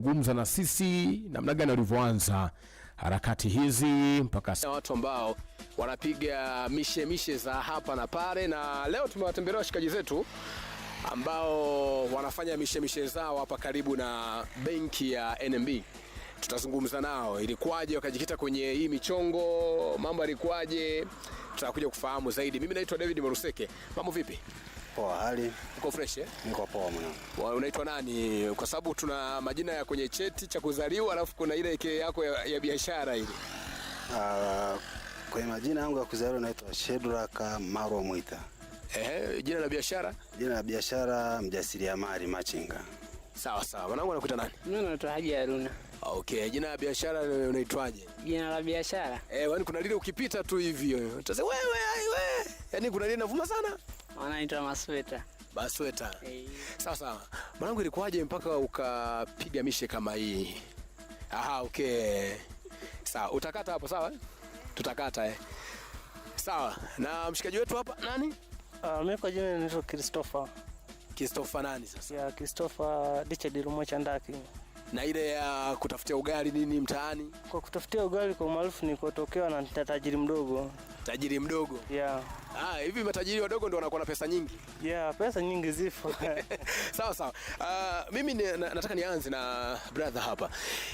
gumza na sisi namna gani walivyoanza harakati hizi mpaka watu ambao wanapiga mishe mishe za hapa na pale, na leo tumewatembelea washikaji zetu ambao wanafanya mishe mishe zao hapa karibu na benki ya NMB. Tutazungumza nao ilikuwaje wakajikita kwenye hii michongo, mambo yalikuwaje, tutakuja kufahamu zaidi. Mimi naitwa David Maruseke. Mambo vipi? Poa, hali uko fresh eh? Niko poa mwanangu. Unaitwa nani? Kwa sababu tuna majina ya kwenye cheti cha kuzaliwa alafu kuna ile ke yako ya, ya biashara ile. Uh, kwenye majina yangu ya kuzaliwa naitwa Shedrack Maro Mwita. Ehe, jina la biashara? Jina la biashara mjasiriamali machinga. Sawa sawa. Mwanangu anakuita nani? Mimi naitwa Haji Haruna. Okay, jina la biashara unaitwaje? Jina la biashara? Eh, yani kuna lile ukipita tu hivi Utasema wewe, ai wewe. Yaani kuna lile inavuma sana wanaitwa masweta basweta. Hey. Sawa mwanangu, ilikuwaje mpaka ukapiga mishe kama hii? Aha, okay. Sawa, utakata hapo sawa, tutakata eh. Sawa, na mshikaji wetu hapa nani? Uh, mimi kwa jina naitwa Christopher. Christopher nani sasa? ya Christopher Richard Lumocha Ndaki. Na ile ya uh, kutafutia ugali nini mtaani? Kwa kutafutia ugali kwa maarufu ni kutokewa na tajiri mdogo tajiri mdogo yeah. Ah, hivi matajiri wadogo ndio wanakuwa na pesa nyingi yeah, pesa nyingi zipo sawa sawa. Uh, mimi ni, na, nataka nianze na brother hapa,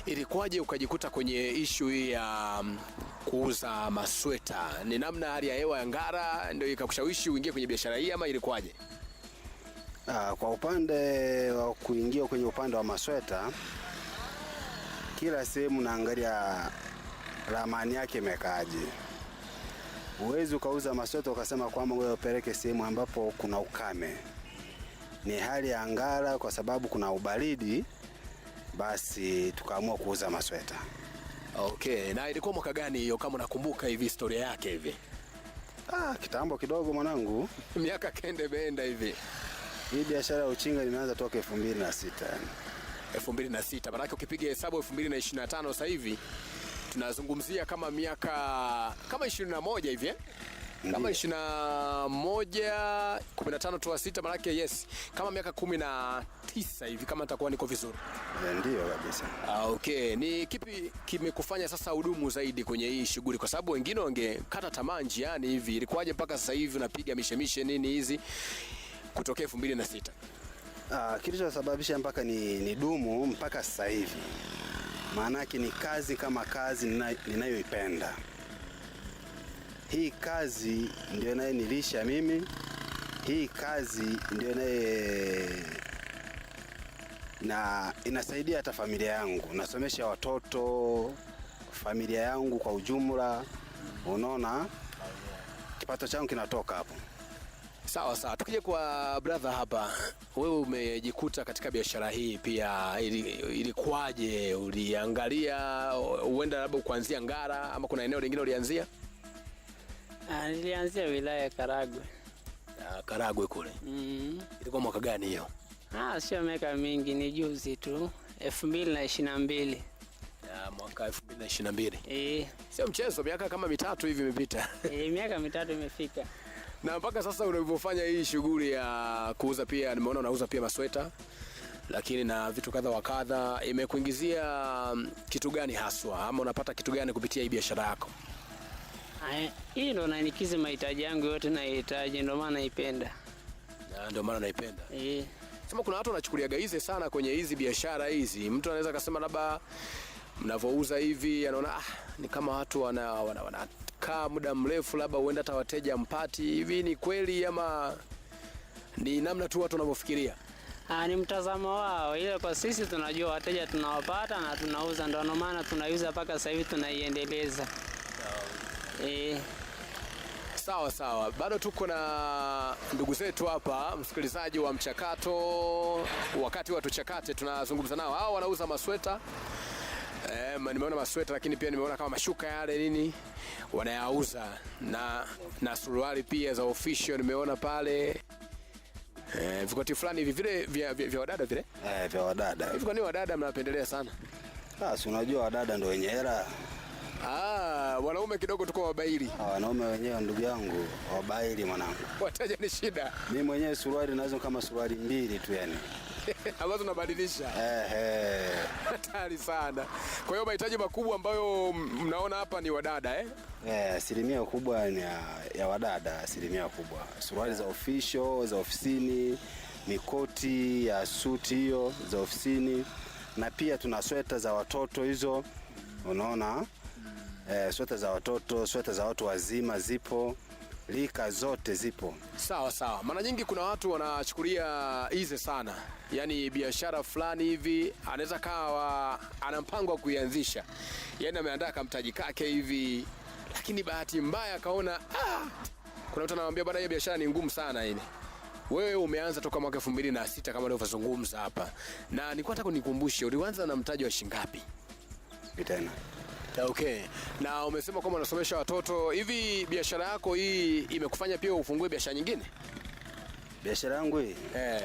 ilikuwaje ukajikuta kwenye ishu hii ya um, kuuza masweta? Ni namna hali ya hewa ya Ngara ndio ikakushawishi uingie kwenye biashara hii ama ilikuwaje? Uh, kwa upande wa kuingia kwenye upande wa masweta, kila sehemu naangalia ramani yake imekaaje Huwezi ukauza masweta ukasema kwamba wewe upeleke sehemu ambapo kuna ukame, ni hali ya ngara, kwa sababu kuna ubaridi, basi tukaamua kuuza masweta. Okay, na ilikuwa mwaka gani hiyo, kama unakumbuka hivi historia yake hivi? Ah, kitambo kidogo mwanangu, miaka kende benda hivi. Hii biashara ya uchinga nimeanza toka 2006 yani 2006, maana ukipiga hesabu 2025 sasa hivi tunazungumzia kama miaka kama 21 hivi eh? kama 21 15 toa sita, manake yes, kama miaka 19 hivi, kama nitakuwa niko vizuri. Eh, ndio kabisa. Ah, okay. Ni kipi kimekufanya sasa hudumu zaidi kwenye hii shughuli, kwa sababu wengine wangekata tamaa njiani hivi? Ilikuwaje mpaka sasa hivi unapiga mishemishe nini hizi kutokea 2006? Ah, kilichosababisha mpaka ni, ni dumu mpaka sasa hivi yake ni kazi kama kazi ninayoipenda. Hii kazi ndio inayenilisha mimi, hii kazi ndio inaye na inasaidia hata familia yangu, nasomesha watoto, familia yangu kwa ujumla. Unaona, kipato changu kinatoka hapo. Sawa sawa, tukija kwa brother hapa, wewe umejikuta katika biashara hii pia, ilikuwaje? Uliangalia huenda labda kuanzia Ngara ama kuna eneo lingine ulianzia? Ah, nilianzia wilaya ya Karagwe. Ah, Karagwe kule. Mm. Ilikuwa mwaka gani hiyo? Ah, sio miaka mingi, ni juzi tu, 2022. mbili ya mwaka 2022. Eh. Sio mchezo, miaka kama mitatu hivi imepita. Eh, miaka mitatu imefika. Na mpaka sasa unavyofanya hii shughuli ya kuuza, pia nimeona unauza pia masweta lakini na vitu kadha wa kadha, imekuingizia mm, kitu gani haswa, ama unapata kitu gani kupitia hii biashara yako? Hii ndo nanikizi mahitaji yangu yote nahitaji, ndio maana naipenda, ndio maana naipenda eh. Sema kuna watu wanachukulia gaize sana kwenye hizi biashara hizi. Mtu anaweza akasema labda mnavouza hivi, anaona ah, ni kama watu wana, wana, wana mmekaa muda mrefu, labda huenda hata wateja mpati. Hivi ni kweli ama ni namna tu watu wanavyofikiria? Ah, ni mtazamo wao, ile kwa sisi tunajua wateja tunawapata na tunauza, ndio maana tunaiuza mpaka sasa hivi tunaiendeleza. E. Sawa sawa, bado tuko na ndugu zetu hapa, msikilizaji wa mchakato, wakati watuchakate tunazungumza nao, hao wanauza masweta eh, nimeona masweta lakini pia nimeona kama mashuka yale nini wanayauza na, na suruali pia za official nimeona pale eh, vikoti fulani hivi vile vya, vya, vya wadada vile eh, vya wadada hivi. Kwa nini wadada mnapendelea sana? Ah, si unajua wadada ndio wenye hela. Ah, wanaume kidogo tuko wabaili. Ah, wanaume wenyewe ndugu yangu wabaili mwanangu, wataja ni shida. Mimi mwenyewe suruali naweza kama suruali mbili tu yani ambazo tunabadilisha hatari sana. Kwa hiyo mahitaji makubwa ambayo mnaona hapa ni wadada eh? eh asilimia kubwa ni ya, ya wadada asilimia kubwa suruali za official za ofisini, mikoti ya suti hiyo za ofisini, na pia tuna sweta za watoto hizo, unaona eh, sweta za watoto, sweta za watu wazima zipo rika zote zipo. Sawa sawa, mara nyingi kuna watu wanachukulia ize sana, yaani biashara fulani hivi anaweza kawa ana mpango wa kuianzisha, yaani ameandaa kamtaji kake hivi, lakini bahati mbaya akaona ah! kuna mtu anamwambia bwana, hiyo biashara ni ngumu sana ile wewe umeanza toka mwaka elfu mbili na sita kama ulivyozungumza hapa, na nikuwa taka nikumbushe ulianza na mtaji wa shingapi ngapi Okay. Na umesema kwamba unasomesha watoto hivi, biashara yako hii imekufanya pia ufungue biashara nyingine? Biashara yangu hii eh,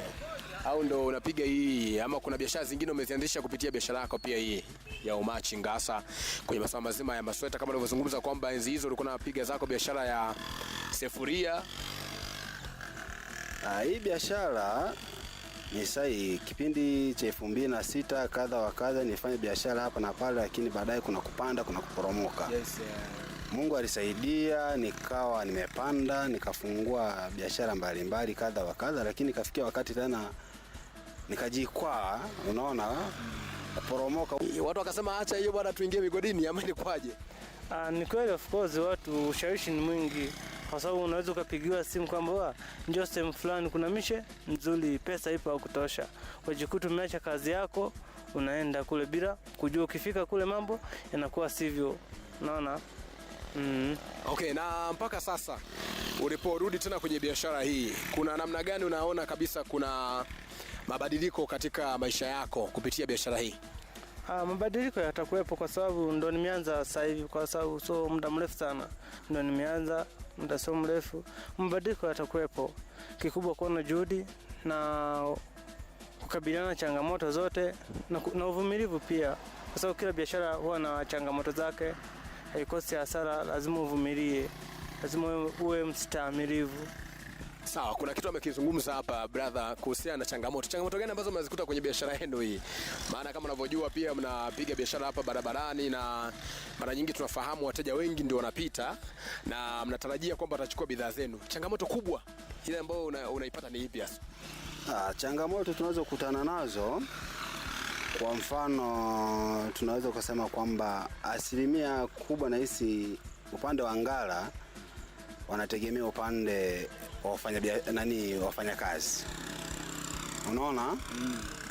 au ndo unapiga hii ama kuna biashara zingine umezianzisha kupitia biashara yako pia hii ya umachi ngasa, kwenye masuala mazima ya masweta, kama ulivyozungumza kwamba enzi hizo ulikuwa unapiga zako biashara ya sefuria? Ah, hii biashara nishai kipindi cha elfu mbili na sita kadha wa kadha nifanye biashara hapa na pale, lakini baadaye kuna kupanda kuna kuporomoka. Yes, yeah. Mungu alisaidia nikawa nimepanda nikafungua biashara mbalimbali kadha wa kadha, lakini kafikia wakati tena nikajikwaa, unaona kuporomoka. Watu wakasema acha hiyo bwana, tuingie migodini ama ni kwaje? Ah, ni kweli of course watu ushawishi ni mwingi kwa sababu unaweza ukapigiwa simu kwamba njoo sehemu fulani kuna mishe nzuri, pesa ipo ya kutosha, wajikuta umeacha kazi yako unaenda kule bila kujua. Ukifika kule mambo yanakuwa sivyo, Naona mm. Mm-hmm. Okay, na mpaka sasa uliporudi tena kwenye biashara hii, kuna namna gani unaona kabisa kuna mabadiliko katika maisha yako kupitia biashara hii? Ah, mabadiliko yatakuwepo kwa sababu ndo nimeanza sasa hivi, kwa sababu so muda mrefu sana ndo nimeanza muda sio mrefu mabadiliko yatakuwepo, kikubwa kuwa juhudi na kukabiliana na changamoto zote na, na uvumilivu pia, kwa sababu kila biashara huwa na changamoto zake, haikosi hasara, lazima uvumilie, lazima uwe mstaamilivu. Sawa, kuna kitu amekizungumza hapa brother kuhusiana na changamoto. Changamoto gani ambazo mnazikuta kwenye biashara yenu hii? Maana kama unavyojua pia mnapiga biashara hapa barabarani na mara nyingi tunafahamu wateja wengi ndio wanapita na mnatarajia kwamba watachukua bidhaa zenu. Changamoto kubwa ile ambayo una, unaipata ni ipi hasa? Ah, changamoto tunazokutana nazo kwa mfano tunaweza kusema kwamba asilimia kubwa nahisi upande wa Ngara wanategemea upande wafanya nani wafanya kazi, unaona mm.